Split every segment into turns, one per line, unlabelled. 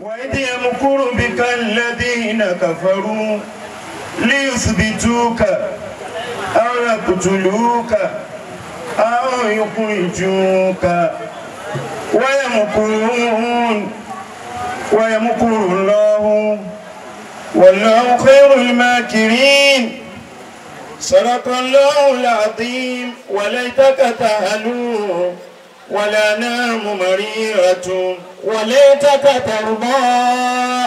وإذ يمكر بك الذين كفروا ليثبتوك أو يقتلوك أو يخرجوك ويمكرون ويمكر الله والله خير الماكرين صدق الله العظيم وليتك تهلوه
والأنام مريرة وليتك ترضى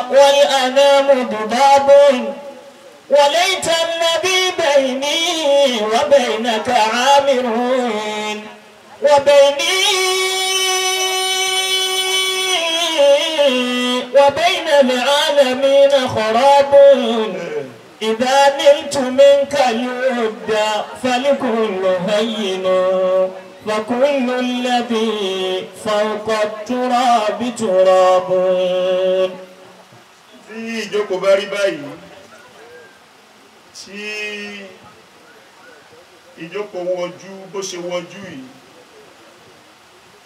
والأنام ضباب وليت الذي بيني وبينك عامر وبيني وبين العالمين خراب إذا نلت منك الود فلكل هين وكل الذي فوق التراب تراب
tí ìjókòó bá rí báyìí tí ìjókòó wọjú bó ṣe wọjú yìí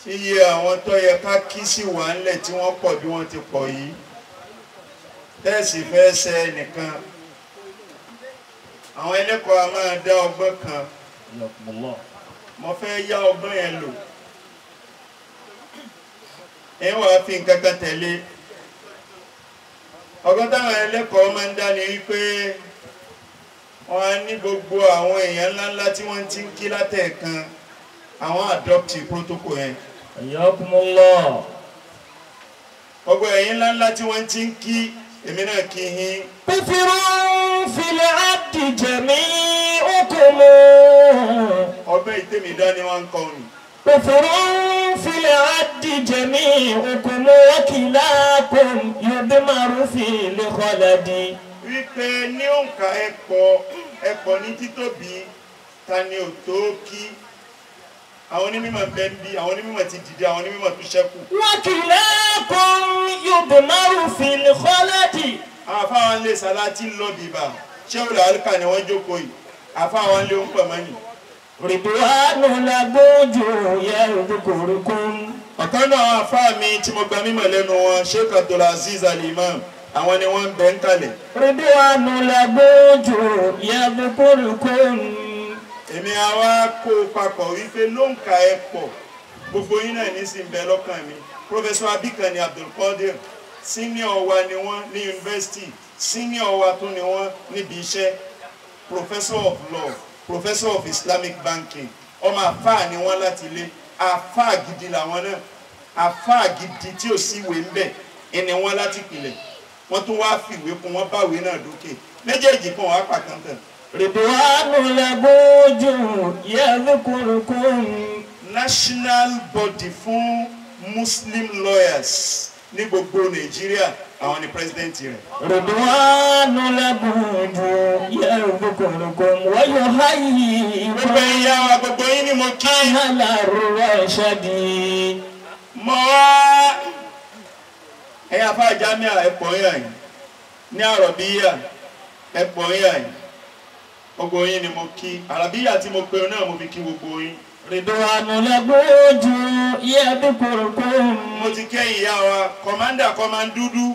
tí iye àwọn tó yẹ ká kí sí wà ńlẹ̀ tí wọ́n pọ̀ bí wọ́n ti pọ̀ yìí tẹ́ẹ̀sì fẹ́ ṣe nìkan àwọn ẹlẹ́kọ̀ọ́ a máa dá ọgbọ́n kan mo fẹ́ yá ọgbọ́n yẹn lò ẹ wàá fi nǹkan kan tẹ̀lé ọgbọ́n táwọn ẹlẹ́kọ̀ọ́ máa ń dá wípé wọ́n á ní gbogbo àwọn èèyàn ńláńlá tí wọ́n ti ń kí látẹ̀ẹ̀kan àwọn àdọ́pìtì protocol yẹn. Ayyakumullah. gbogbo ẹ̀yin ńláńlá tí wọ́n ti ń kí èmi náà kí yín. pífìrún fìlà àdìjẹ̀mí òkùnmọ́ ọbẹ̀ ìtẹ̀mí dání wọn kọ́ ni.
òfòrò ń filẹ̀ àdìjẹ mi òkùnmó kìlá kùn yóò márùn fi lè kọ́lá di. wípé ní òǹkà ẹ̀pọ̀
ẹ̀pọ̀ ní títóbi ta ni ò tó kí àwọn onímọ̀ bẹ́ àwọn onímọ̀ ti dìde àwọn onímọ̀ tó ṣẹ́kù. wọ́n kìlá kùn yóò márùn fi lè kọ́lá di. àfáwọn ilé sàlá ti lọ bìbà ṣé olùhàlùkà ni wọ́n jókòó yìí àfáwọn ilé ń pọ̀ mọ́ni rìdíwánù lágbójú yẹ́rùdúkùrúkún. ọ̀kan náà àfáà mi tí mo gba mímọ̀ lẹ́nu wọn Sheikh Abdulaziz Al-Imam àwọn ni wọ́n ń bẹ ń kalẹ̀.
rìdíwánù lágbójú
yẹ́rùdúkùrúkún. èmi àwa kó papọ̀ wípé ló ń ka ẹ pọ̀ gbogbo yín náà ní sì ń lọ́kàn mi Professor Abikani Abdulkadir senior wa ni wọ́n ní yunifásitì senior wa tún ni wọ́n níbi iṣẹ́ Professor of Law professor of islamic banking ọmọ àfáà ni wọ́n láti ilé àfáà gidi làwọn náà afa gidi tí ò sí ìwé ńbẹ ẹni wọ́n láti pìlẹ̀ wọ́n tún wá fìwé kún wọ́n báwé náà dókè méjèèjì kan wàá pàtàkàn.
rìdíwánù lẹ́gbọ́jú yẹ́dúkúrúkún.
national body fún muslim lawyers ní gbogbo nàìjíríà àwọn ni president rẹ̀.
rìdíwánù kulukum wa yuhayyikum. gbogbo ìyá wa gbogbo yín ni mo kí. ala rashadi. mo wá ẹ̀yin afá
jamia ẹ̀pọ̀ yín àyìn ní àròbíyà ẹ̀pọ̀ yín àyìn gbogbo yín ni mo kí àròbíyà tí mo pe náà mo fi kí gbogbo yín. Ridwanu lagoju yẹ dukuru kum. Mo ti kẹ́ ìyá wa, kọ̀mándà kọ́má dúdú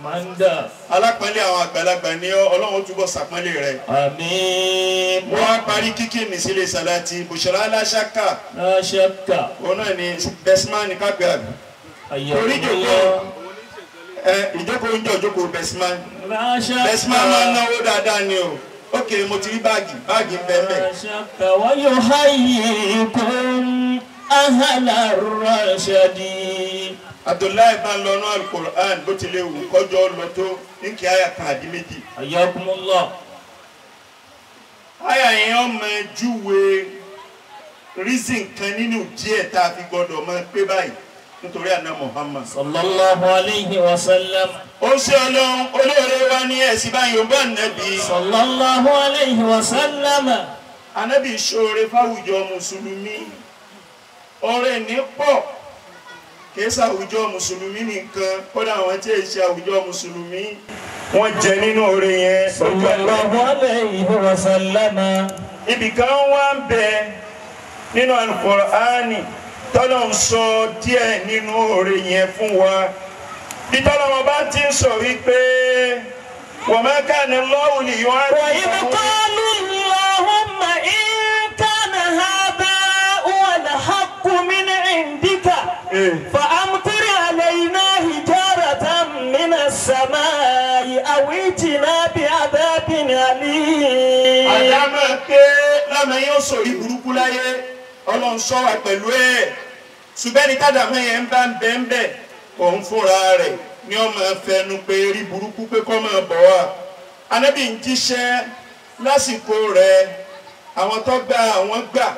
manda. alápẹ̀lẹ̀ àwọn àgbàlagbà ni ọlọ́run túbọ̀ sàpẹ́lẹ̀ rẹ̀. àmín. wọ́n á parí kíkì mi sílé bùsùlá aláṣàkà. aláṣàkà. òun náà ni bẹ́símán ní kápẹ́ àbí. torí jòkó ẹ ìjókòó ń jọ jókòó bẹ́símán. aláṣàkà. bẹ́símán máa ń náwó dáadáa ni o ókè mo ti rí báàgì báàgì ń bẹ́ẹ̀ bẹ́ẹ̀. aláṣàkà wáyé ọ̀háyè
kún áhàlà rọ̀
ṣẹ́dí abdullahi bá lọ nú alukur'an bó tilẹ̀ wù kọjọ́ lọ tó ní kí aya kan àdí méjì. ayakumullah. aya yẹn ọmọ júwe reason kan nínú díẹ̀ tá a fi gbọ́dọ̀ máa pé báyìí nítorí àná muhammad. sallallahu alayhi wa sallam.
ó ṣe ọlọ́run olóore
wa ní ẹ̀sìn báyìí ó bá nàbí. sallallahu alayhi wa sallam. anábì ṣoore fáwùjọ mùsùlùmí ọrẹ ní pọ̀ kìí ṣe àwùjọ mùsùlùmí nìkan kódà àwọn tí èyí ṣe àwùjọ mùsùlùmí wọ́n jẹ nínú oore yẹn. sallallahu alayhi wa sallama. ibì kan wá ń bẹ nínú alukur'ani tọ́lọ̀ ń sọ díẹ̀ nínú oore yẹn fún wa bí tọ́lọ̀ wọn bá ti ń sọ wípé wa ma kana Allahu liyu'adhibahum.
wa idh qalu Allahumma in indika. فأمطر علينا حجارة من السماء أو ائتنا بعذاب أليم. àdámọ̀ pé lọ́mọ yóò sòrí burúkú láyé ọlọ́run
ṣọ́ wa pẹ̀lú ẹ̀ ṣùgbọ́n ní tádàmọ́ yẹn ń bá ń bẹ́ẹ̀ ń bẹ́ẹ̀ kò ń fúnra rẹ̀ ni ó máa fẹnu pé rí burúkú pé kó máa bọ̀ wá. anábì ń jíṣẹ́ lásìkò rẹ̀ àwọn tó gba àwọn gbà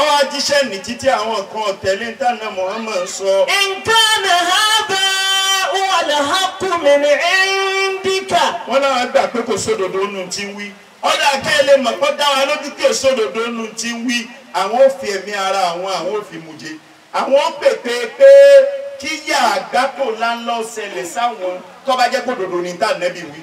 ọwọ́ ajíṣẹ́ ní títí àwọn kan ọ̀tẹ̀lé ntànà Muhammad sọ. nǹkan àhábà wà láhàkùnmí ní ẹ̀ńdíkà. wọ́n náà gbà pé kò sódodo nù tí wí ọ̀dà kẹ́lẹ́ mọ̀ dá wa lójú kí òsódodo nù ti wí àwọn ò fi ẹ̀mí ara àwọn àwọn ò fi mùjẹ àwọn ò pèpè pé kíyà àgbákò ńláńlá ṣẹlẹ̀ sáwọn tó bá ní tá nẹ́bí wí.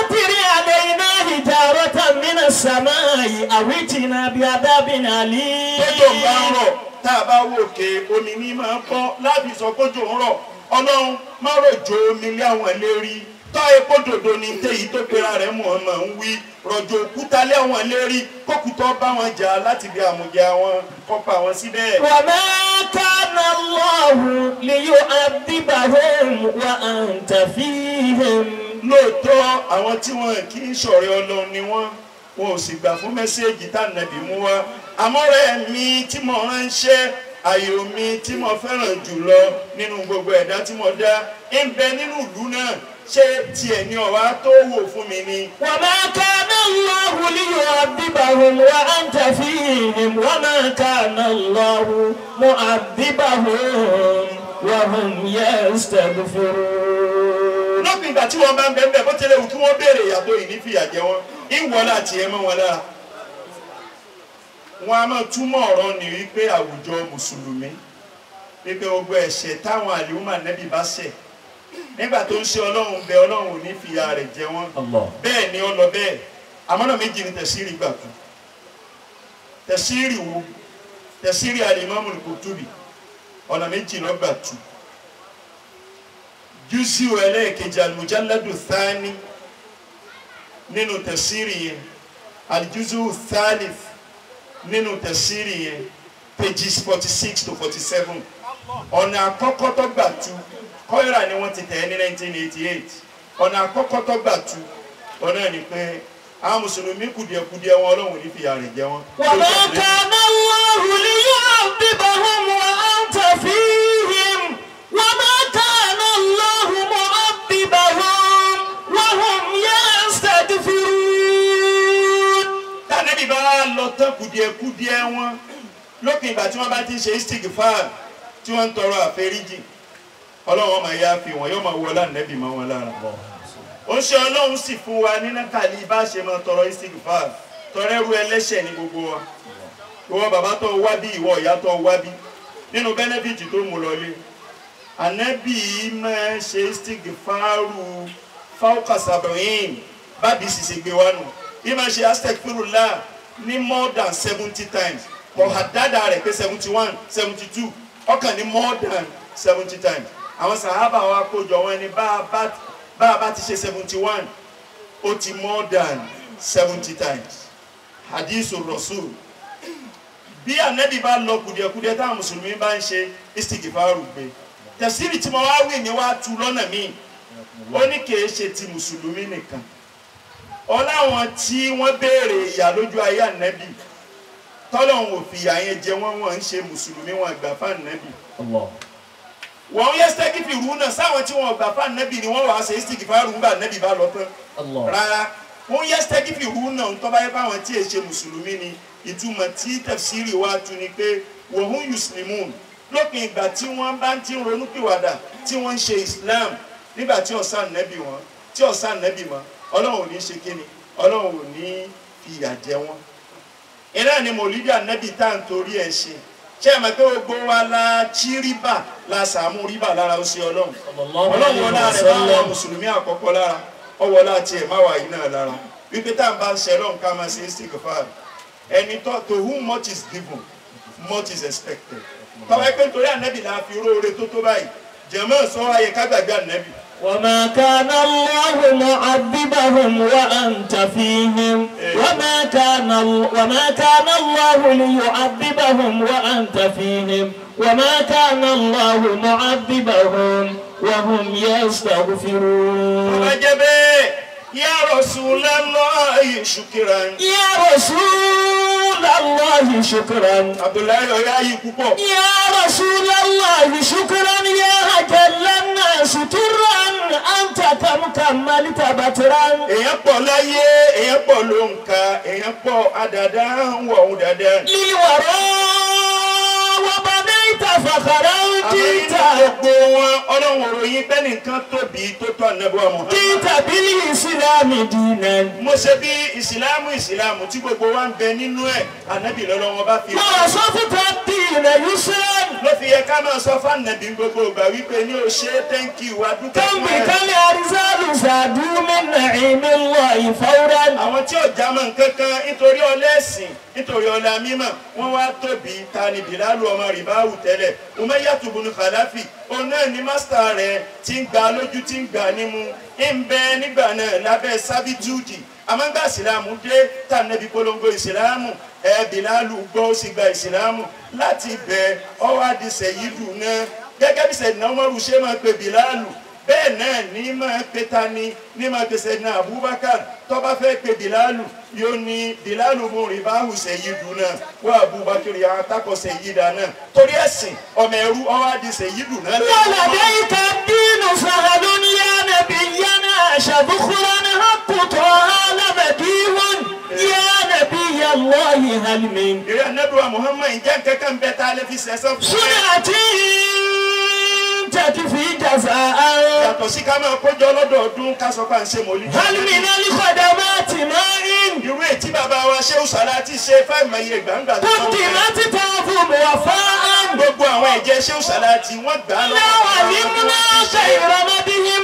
أمطر علينا حجارة من السماء أو ائتنا بعذاب أليم. tójò ń rọ̀ tá a bá wò ké omi ní máa bọ́ láti sọ kójò ń rọ̀ ọlọ́run má rọ̀jò omi lé àwọn ẹlẹ́rí tọ́ epo dòdò ní téyí tó pera rẹ̀ mọ̀ ọ́n máa ń wí rọ̀jò òkúta lé àwọn ẹlẹ́rí kókùtọ́ bá wọn jà láti bí àmùjẹ àwọn kọ́pa wọn síbẹ̀. wàmẹ́ كان الله ليعذبهم وأنت فيهم lóòótọ́ àwọn tí wọn kì í ṣọ̀rẹ́ ọlọ́run ni wọ́n wọn ò sì gbà fún mẹ́sẹ́ẹ̀jì tá nàbì mú wá àmọ́rẹ́ mi tí mo ránṣẹ́ àyò mi tí mo fẹ́ràn jùlọ nínú gbogbo ẹ̀dá tí mo dá ń bẹ nínú ìlú náà ṣé tiẹ̀ ni ọ̀wá tó wò fún mi ni. wa ma kana Allahu liyu'adhibahum
wa anta fihim wa ma kana Allahu mu'adhibahum wa hum yastaghfirun
lópin tí wọ́n bá ń bẹ̀ bó tilẹ̀ wù kí wọ́n béèrè ìyàtọ̀ ìnífìyà jẹ wọn ìwọ́lá àti ẹ̀mọ́ wọn lára. wọn a máa túmọ̀ ọ̀rọ̀ ni wípé àwùjọ mùsùlùmí wípé gbogbo ẹ̀ṣẹ̀ táwọn àlùmọ̀ nẹ́bí bá ṣẹ̀ nígbà tó ń ṣe ọlọ́run bẹ ọlọ́run ò ní fìyà rẹ̀ jẹ wọn bẹ́ẹ̀ ni ó lọ bẹ́ẹ̀ àmọ́nà méjì ni tẹ̀síìrì gbà kan tẹ̀síìrì wo tẹ̀síìrì al-Imam al ọ̀nà méjì lọ́gbà tù júùsì ẹlẹ́ẹ̀kejì alùjáládù sáání nínú tẹ̀sírì yẹn alìjúùsù sálif nínú tẹ̀sírì yẹn pages forty six to forty seven ọ̀nà àkọ́kọ́ tó gbà tu kọ́yọ̀rà ni wọ́n ti tẹ̀ ẹ́ ní nineteen eighty eight ọ̀nà àkọ́kọ́ tó gbà tu ọ̀nà ni pé àwọn mùsùlùmí kùdìẹ̀kùdìẹ̀ wọn ọlọ́run ní fìyà rẹ̀ jẹ wọn. wàá kà náà
wọ́n rúlé yóò.
tán kùdìẹ̀kùdìẹ̀ wọn lópin ìgbà tí wọ́n bá ti ń ṣe istigfar tí wọ́n ń tọrọ àforíjì ọlọ́run máa yá fi wọn yóò máa wọ lánàbì mọ́ wọn lára ó ń ṣe ọlọ́run sì fún wa nínú kàlí bá ṣe máa tọrọ istigfar tọrọ ẹrú ẹlẹ́ṣẹ̀ ní gbogbo wa ìwọ bàbá tó wá bí ìwọ ìyá tó wá bí nínú bẹ́nẹ́fìtì tó mú lọlé ànábì máa ṣe istigfaru fáwọkà sàbẹ̀yìn bábí sì ṣe gbé wa nù ìmọ̀ ṣe astagfirullah ní more than seventy times mọ̀hádàdà rẹ̀ pé seventy one seventy two ọkàn ní more than seventy times àwọn sàhábà wa kójọ wọn ni bá a bá ti ṣe seventy one ó ti more than seventy times hadithu rasul bí anabi bá lọ kùdìẹ̀kùdìẹ̀ táwọn mùsùlùmí bá ń ṣe istigifaru gbé tẹ̀síìrì tí mo wá wí ni wá tu lọ́nà míì ó ní kì í ṣe ti mùsùlùmí nìkan ọláwọn tí wọ́n béèrè ìyà lójú ayé ànábì tọ́lọ́hún ò fìyà yẹn jẹ wọ́n wọ́n ń ṣe mùsùlùmí wọn àgbà fáànábì. wọ́n yẹ sẹ́kìfì rú náà sáwọn tí wọ́n gbà fáànábì ni wọ́n wàá ṣe ìsìkìfà rú nígbà ànábì bá lọ tán. rárá wọ́n yẹ sẹ́kìfì rú náà ń tọ́ba yẹ fáwọn tí èṣe mùsùlùmí ni ìtumọ̀ tí tafsiri wa tu ni pé wọ́n yùsùlùmùn lópin ìgbà tí wọ́n bá ti ronúpìwàdà tí wọ́n ń ṣe Islam nígbà tí ọ̀sán ànábì wọn tí ọ̀sán ànábì wọn ọlọ́run ò ní ṣe kíni ọlọ́run ò ní fìyà jẹ wọ́n iná ni mòlídìí ànábì tá à ń torí ẹ̀ ṣe ṣé ẹ mọ̀ pé gbogbo wa la tí rìbá la sàmú rìbá lára ó ṣe ọlọ́run ọlọ́run wọlé àrẹ bá wọn mùsùlùmí àkọ́kọ́ lára ọwọ́ láti ẹ̀ má wà yìí náà lára wípé tá à ń bá ṣe ọlọ́run ká máa ṣe é stick fire ẹni tó to whom much is given much is expected tọ́wọ́ pé nítorí ànábì la fi róore tó tó báyìí jẹ̀mọ́ sọ ayẹ ká gbàgbé ànábì
وما كان الله معذبهم وأنت فيهم إيه. وما كان وما كان الله ليعذبهم وأنت فيهم وما كان الله معذبهم وهم يستغفرون يا رسول الله شكرا يا رسول Rasulallahi shukran. Abdullahi lọ yá yìí púpọ̀. Ya Rasulallahi shukran ya àjẹlẹ́n náà suturan anta kamkan malita batiran. Èèyàn pọ̀ láyé, èèyàn pọ̀
lóǹkà, èèyàn pọ̀ àdàdà ń wọ̀ ọ́n dàdà
fàkàrà ń díta. gbogbo
wọn ọlọ́run òròyìn bẹ́ẹ̀ nìkan tóbi tó tọ́ nẹ́bọ̀ mọ́. díta bí ìsìlámù dìínà. mo ṣe bí ìsìlámù ìsìlámù tí gbogbo wa ń bẹ nínú ẹ̀ ànábì lọ́lọ́wọ́ bá fi. wọ́n sọ fún tó dìínà yìí sọ́ọ́ ló fi yẹ ká máa sọ fánàbí gbogbo ìgbà wípé ní o ṣe thank you adúgbò. tẹ́ǹbì kálí àrísàlù sàdúmínà ìmí lọ ìfọ́wúrá. àwọn tí ò já mọ́ nǹkan kan nítorí nítorí ọlá mímọ́ wọ́n wá tóbi tani bilalu ọmọ rìbáwù tẹ́lẹ̀ umayyatu bunu khalafi òun náà ni mástà rẹ̀ ti ń gbà lójú ti ń gbà nímú ń bẹ nígbà náà lábẹ́ sábítúùdì amagba ìsìlámù dé tànẹ́bí polongo ìsìlámù ẹ̀ẹ́dì lálù gbọ́ ó sì gba ìsìlámù láti bẹ̀ ọwọ́ àdìsẹ̀ yìí dùn náà gẹ́gẹ́ bí sẹ̀dínà ọmọrù ṣe máa pè bìlálù bẹ́ẹ̀ náà ní máa pe ta ni ní máa pe sẹ̀dínà Abubakar tó fẹ́ pe bìlálù yóò ní bìlálù mú rìbá hùsẹ̀ yìí dùn náà wọ́n Abubakar yà á takọ̀ sẹ̀yìn dà náà
torí ẹ̀sìn ọmọ ẹ̀rú ọwọ́ àdìsẹ̀ yìí dùn náà. wọ́n làdé ìka dínú fàhálóníyàn nàbí yá عاش بخرا قطها لبكي يا نبي الله هل من يا نبي محمد جاء كم بيت على
في سيسف سنعتي tẹ́tìfì jàzà àárọ̀. yàtọ̀ sí ká máa kójọ lọ́dọọdún ká sọ pé à ń ṣe mọ́lí. hálùmínà lùkọ̀dà máa tì máa ń. irú ètí bàbá wa ṣé ó sàrà ti ṣe fáìmọ̀ iye gbàǹgbà tó wọ́n. kùtì máa ti ta fún mi ọ̀fọ́ án. gbogbo àwọn ẹ̀jẹ̀ ṣé ó sàrà ti wọ́n gbà lọ́wọ́. láwọn ní múná ṣe ìrọmọdé
yẹn.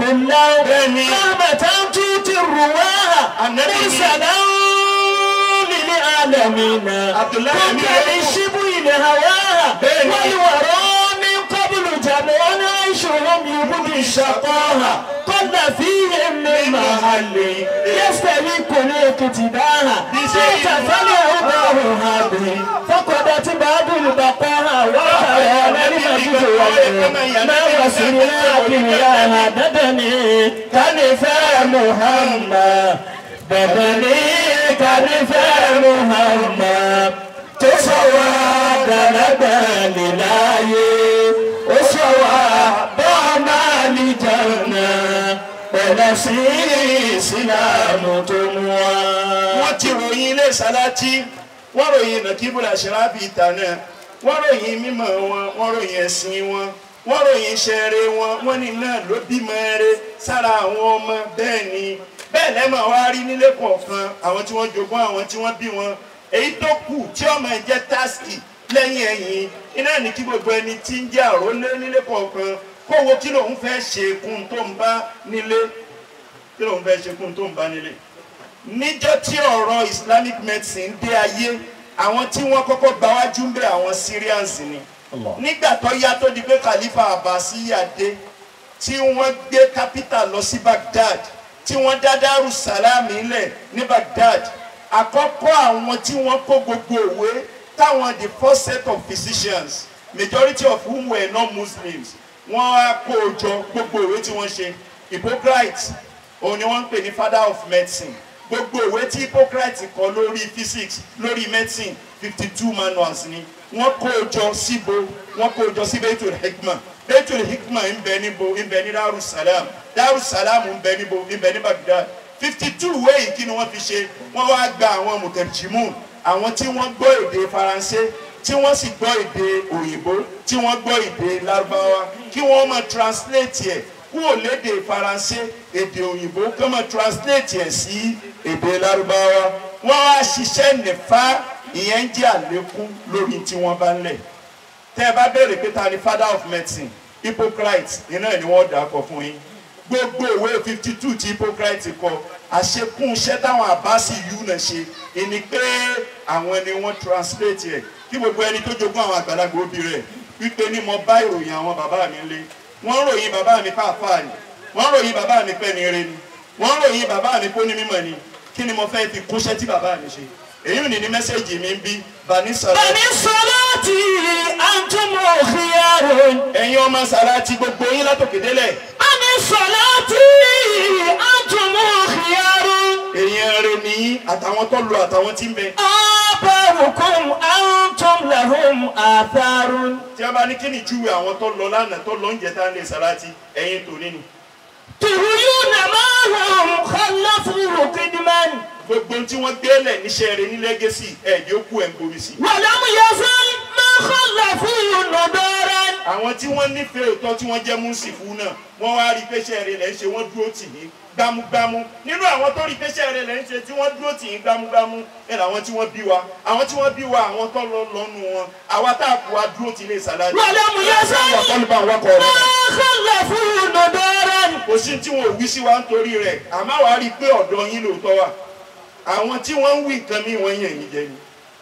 كله رحمة تؤتي الرواة ليس نوم للعالمين كنت للشبه الهواه والوراء من قبل جمعنا لم يبد الشقاوة قد فيه من محل يستهلك الاقتداء شئت فليهداه هذه فقدت باب البقاء وخيال المجد ما وصل لكن لا هددني محمد بدني كلفا محمد تصور لنا لله ọ̀nà sí ìsìláàmù tó mú wa. wọ́n
ti ròyìn ilé sàlátì wọ́n ròyìn nàkíbùlà ṣẹ́ráàbì ìtànà wọ́n ròyìn mímọ̀ wọn wọ́n ròyìn ẹ̀sìn wọn wọ́n ròyìn iṣẹ́ rere wọn wọ́n ní náà ló bímọ rere sára àwọn ọmọ bẹ́ẹ̀ ni bẹ́ẹ̀ lẹ́mọ̀ wá rí nílé kọ̀ọ̀kan àwọn tí wọ́n jogún àwọn tí wọ́n bí wọn èyí tó kù tí ọmọ ẹ̀ jẹ́ táàsì lẹ́yìn ẹ̀yìn iná ní kí gbogbo ẹni tí ń jẹ́ àrólé nílé kọ̀ọ̀kan kó wo kí lòun fẹ́ ṣe kún tó ń bá nílé kí lòun fẹ́ ṣe tó ń bá nílé níjọ́ tí ọ̀rọ̀ islamic medicine dé ayé àwọn tí wọ́n kọ́kọ́ gba wájú ń bẹ̀ àwọn syrians ni nígbà tó yá tó di pé khalifa abbasiya dé tí wọ́n gbé capital lọ sí baghdad tí wọ́n dá Daru Salami lẹ̀ ní baghdad àkọ́kọ́ àwọn tí wọ́n kó gbogbo òwe táwọn the first set of physicians majority of whom were non-muslims wọ́n á kó o jọ gbogbo ìwé tí wọ́n ṣe Hippocrates òun ni wọ́n ń pè ní father of medicine gbogbo ìwé tí Hippocrates kọ lórí physics lórí medicine fifty two manuals ni wọ́n kó o jọ síbo wọ́n kó o jọ sí Baitul Hikma Baitul Hikma ń bẹ níbo ń bẹ ní Darussalam Darussalam ń bẹ níbo ń bẹ ní Baghdad fifty two ìwé yìí kí ni wọ́n fi ṣe wọ́n wá gba àwọn mùtẹ̀jìmù àwọn tí wọ́n gbọ́ èdè Faransé tí wọ́n sì gbọ́ èdè òyìnbó tí wọ́n gbọ́ èdè lárúbáwá kí wọ́n máa translate ẹ̀ kúrò lédè faransé èdè òyìnbó kí wọ́n máa translate ẹ̀ sí èdè lárúbáwá wọ́n á ṣiṣẹ́ nìfà ìyẹn ń jẹ́ àlékún lórí tí wọ́n bá ń lẹ̀ tẹ́ ẹ bá béèrè pé ta ni father of medicine Hippocrates iná ẹ̀ ni wọ́n dà á kọ fún yín gbogbo ìwé fifty two ti Hippocrates kọ àṣekún iṣẹ́ táwọn àbá sì yú náà ṣe ìní pé àwọn ni wọ́n translate ẹ̀ kí gbogbo ẹni tó jogún àwọn àgbàlagbà òbí rẹ̀ wípé ní mo bá ìròyìn àwọn bàbá mi lé wọ́n ròyìn bàbá mi pàápàá ni wọ́n ròyìn bàbá mi pẹ́ni eré ni wọ́n ròyìn bàbá mi kó ní mímọ̀ ni kí ni mo fẹ́ fi kúnṣẹ́ tí bàbá mi ṣe èyí ni ní mẹ́sẹ̀gì mi ń bí bani sọ̀rọ̀. bani sọ̀rọ̀ ti àjùmọ̀ òkèèrè. ẹ̀yin ọmọ sàrà ti gbogbo yín látòkè délẹ̀. bani sọ̀rọ̀ ti àjùmọ̀ òkèèrè. èyí ẹ̀rẹ̀ nìyí àtàwọn tó lu àtàwọn tí ń bẹ. ọ̀bẹ̀rù kò ń àwọn lahum atharun. tí a bá ní kí ni júwe àwọn tó lọ lánàá tó lọ ń jẹ tá a lè sàlátì ẹ̀yìn tòní ni.
tùrúyùnà máa hàn
kọ́lọ́fù kìdìmán. gbogbo tí wọ́n gbélé níṣẹ́ rẹ̀ ní lẹ́gẹ́sì ẹ̀ẹ́dì ó kú ẹ̀ ń bomi wàlámù yẹ
fún máa kọ́lọ́fù
àwọn tí wọ́n nífẹ̀ẹ́ òótọ́ tí wọ́n jẹ́ múnsìfù náà wọ́n wá rí pẹ́sẹ́ rẹ̀ lẹ́ ń ṣe wọ́n dúró tì í gbámúgbámú nínú àwọn tó rí pẹ́sẹ́ rẹ̀ lẹ́ ń ṣe tí wọ́n dúró tì í gbámúgbámú ẹ̀ làwọn tí wọ́n bí wa àwọn tí wọ́n bí wa àwọn tó lọ lọ́nu wọn àwa tá a kù wa dúró tì ilé ìsàlẹ̀. wàlẹ́ mu yẹ sẹ́yìn máa kọ́lá fún òdòdó rẹ̀. kò sí tí wọn ò wí sí wa nítorí rẹ̀ àmọ́ wàá rí i pé ọ̀dọ̀ yín lóòótọ́ wà àwọn tí wọ́n ń wí nǹkan mí wọ́n yàn yín jẹ ni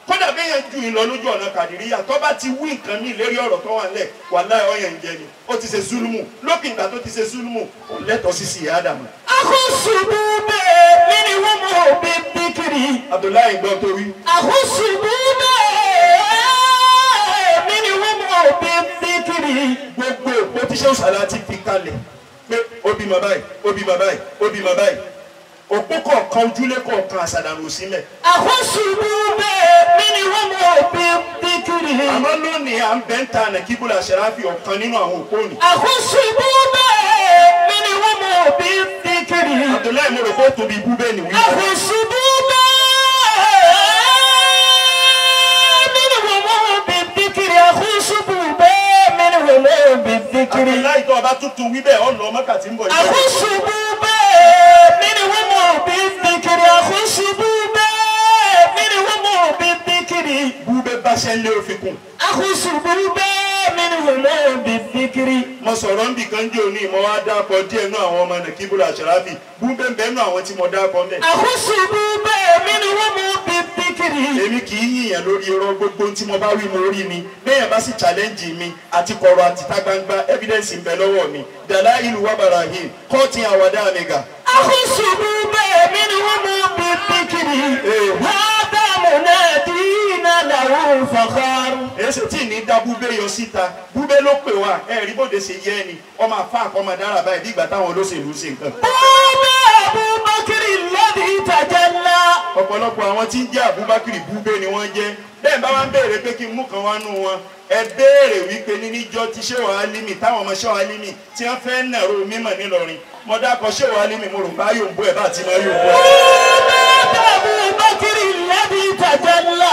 kódà bẹ́yẹn ju ìlọ lójú ọ̀nà kàdìríyà tó bá ti wí nǹkan mí lérí ọ̀rọ̀ tó wà nílẹ̀ wàláhì ọ̀yẹ̀ ń jẹ ó ti ṣe súlùmù lókè ìgbà tó ti ṣe súlùmù kò lẹ́tọ̀ọ́ sí sí ádámù. àkóṣùbù bẹ́ẹ̀ nínú wọn mọ òbí bíkìrì. Abdullahi gbọ́ torí. àkóṣùbù
bẹ́ẹ̀
nínú wọn mọ òbí bíkìrì. gbogbo òpó tíṣẹ́ òṣàlá ti fi kalẹ̀ pé ó bímọ báyìí ó bímọ báyìí òpó kọ̀ọ̀kan ojúlé kọ̀ọ̀kan àṣàdàrò sílẹ̀.
àkóṣùbù bẹ́ẹ̀ mi ni wọ́n mú òbí bíkìrì. àmọ́ lónìí à ń
bẹ́ ń ta nàkíbùlà ṣẹ̀ráfì ọ̀kan nínú àwọn òpó ni. àkóṣùbù bẹ́ẹ̀ mi ni wọ́n mú òbí bíkìrì. àdúlá ìmọ̀ rẹ̀ kó tóbi ibú bẹ́ẹ̀ ni wí. àkóṣùbù
bẹ́ẹ̀ mi ni wọ́n mú òbí bíkìrì àkóṣùbù
bẹ́ẹ̀ mi ni wọ́n mú òbí bíkìrì. àdúlá ìtọ́
بالذكر أخش بوبا منهم بالذكر بوبا باشن لو فيكم أخش بوبا
منهم بالذكر mo sọ̀rọ̀ ń bì kan jẹ́ òní mo wá dáàpọ̀ díẹ̀ nú àwọn ọmọ nàkíbùrù àṣàráfì búbẹ́ ń bẹ́ nú àwọn tí mo dáàpọ̀ mẹ́. àkóso búbẹ́ mi ni wọ́n mú bí bíkìrì. èmi kì í yìnyín lórí irọ́ gbogbo tí mo bá wí mo rí mi bẹ́ẹ̀ bá sì challenge mi àti kọ̀rọ̀ àti tá gbangba evidence ń bẹ lọ́wọ́ mi dàlá ìlú wàbàrà yìí kọ́ọ̀tì àwàdà àmì èsì tí ní dá búbé yọ síta búbé ló pè wá ẹ rí bóde ṣe yẹ ni ọmọ afá àkọmọdára báyìí bí ìgbà táwọn olóṣèlú ṣe nǹkan.
búbé
ọ̀pọ̀lọpọ̀ àwọn tí ń jẹ́ Abubakar búbé ni wọ́n jẹ́ bẹ́ẹ̀ bá wọn béèrè pé kí n mú kan wá nù wọn ẹ béèrè wípé níníjọ́ tí ṣé wàá límì táwọn ọmọ ṣé wàá límì tí wọ́n fẹ́ nàró mímọ̀ nílọrin mo dákọ̀ ṣé wàá límì mo rò bá yóò bú ẹ̀ bá ti mọ yóò bú
ẹ̀. Abubakar
lẹ́bi tàjọ́lá.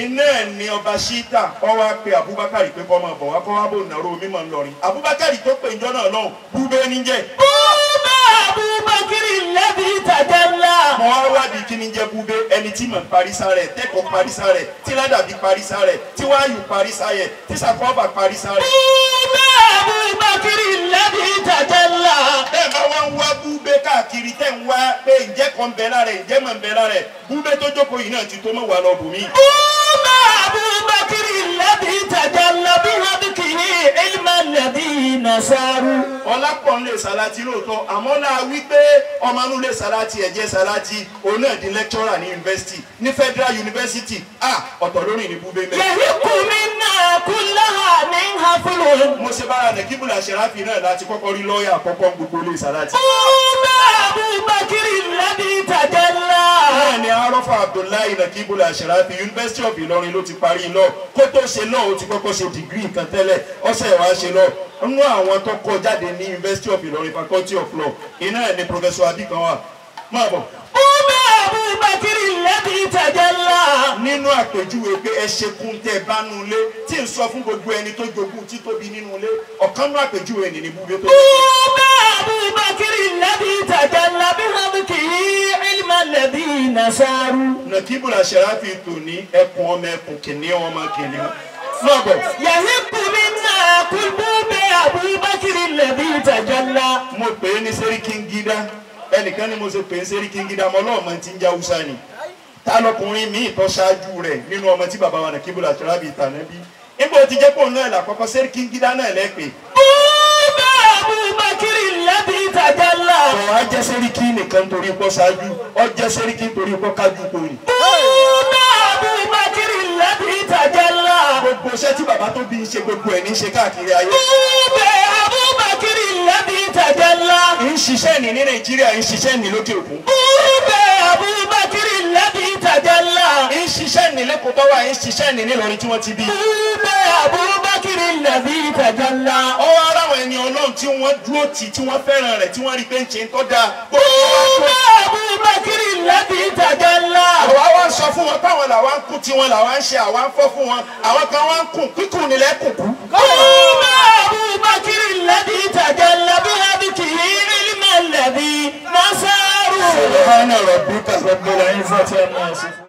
iná ẹ̀ ni ọba ṣíta ọ wá pe Abubakar pé kọ́ máa bọ̀ wá kọ́ wá bò nàró mímọ̀ nílọrin Abubakar tó pè ìjọ náà lọ́hùn búbé níjẹ́. búbá
Abubakar lẹ́bi
tàjọ́lá dàbí kíni jẹ́ búbe ẹni tí mọ̀ parisa rẹ̀ tẹ́kọ̀ọ́ parisa rẹ̀ tí ládàbí parisa rẹ̀ tí wáyù parisa yẹ tí sàkọ́bà parisa rẹ̀. bẹ́ẹ̀ bí bàkìrì lẹ́bi ìtàjẹ́ la. bá wá ń wá búbe káàkiri tẹ̀ ń wá pé ǹjẹ́ kan bẹ́ẹ̀ lára ẹ̀ ǹjẹ́ mọ̀ bẹ́ẹ̀ lára ẹ̀ búbe tó jókòó yìí náà ti tó mọ̀ wà lọ bùnmí. bẹ́ẹ̀ bí lẹ́bi ìtàjẹ́ bí bí elima nàbí nasaru. ọlápọ̀ ń lè sàlátì lóòótọ́ àmọ́ náà wí pé ọmọ inú lè sàlátì ẹ̀jẹ̀ sàlátì òun náà di lecturer ní yunifásitì ní federal university a ọ̀tọ̀ lórí ìnìbú bẹ́ẹ̀. yẹ̀rí
kù mí náà kú lọ́wọ́
mi ń mo ṣe bára nàìjíríà bùnà ṣẹ̀ráfì náà láti kọ́kọ́ rí lọ́ọ̀yà àkọ́kọ́ gbogbo lè sàlátì. bùbá àbúgbàkiri lẹ́ni bẹ́ẹ̀ ni arọ́fà abdullahi nakibu lasharafi yunifásitì of ìlọrin ló ti parí lọ kó tó ṣe lọ ó ti kọ́kọ́ ṣe dìgírì kan tẹ́lẹ̀ ọ̀sẹ̀ wàá ṣe lọ nínú àwọn tó kọ jáde ní yunifásitì of ìlọrin faculty of law iná ẹ̀ ni professor abikan wà máa bọ̀ búbẹ abubakiri lẹbi tajalla. nínú àpèjúwe pé ẹ ṣe kún tẹ bánú lé tí n sọ fún gbogbo ẹni tó jogún títóbi nínú lé ọ̀kan nú àpèjúwe nìní búbẹ tó. búbẹ abubakiri lẹbi tajalla bí hàbí kìí ilma lẹbi nasaru. nàkíbù làṣẹ̀rá fi tò ní ẹkùn ọmọ ẹkùn kìnìún ọmọ kìnìún lọ́bọ̀. yàhíkù mi náà kúlbú mo pè é ní sẹ́ríkì ẹnìkan ni mo ṣe pè ń ṣe ríkì ngídá ọmọ ọlọ́ọ̀mọ ti ń já húsá ni ta lọkùnrin míì tó ṣáájú rẹ̀ nínú ọmọ tí bàbá wa nà kíbùlà tìrábì tànàbí nígbà tí jẹ́ pọ̀ náà làkọ́kọ́ ṣe ríkì ngídá náà lẹ́pẹ́. búbá abubakiri lẹ́bi ìtajà ńlá. ọ̀hún á jẹ́ sẹ́ríkì nìkan torí pọ́ ṣáájú ọ jẹ́ sẹ́ríkì torí pọ́ kájú
kori. búbá abubakiri lẹ́bi ìtajà ńlá. gbogbo iṣẹ́ tí bàbá lẹ́bí tẹ̀jẹ̀
ńlá. ń ṣiṣẹ́ ní ní nàìjíríà ń ṣiṣẹ́ ní lókè òkun. búbẹ̀ abubakiri lẹ́bí tẹ̀jẹ̀ ńlá. ń ṣiṣẹ́ ní lẹ́kọ̀ọ́ ń ṣiṣẹ́ ní nílọrin tí wọ́n ti bí. búbẹ̀ abubakiri lẹ́bí tẹ̀jẹ̀ ńlá. ó wá ẹni ọlọ́run tí wọ́n dúró tì tí wọ́n fẹ́ràn rẹ̀ tí wọ́n rí pé ń ṣe ń tọ́ da. búbẹ̀ abubakiri lẹ́bí tẹ̀jẹ̀ ńlá. àwa wá sọ fún wọn
الذي سبحان ربك رب العزة عما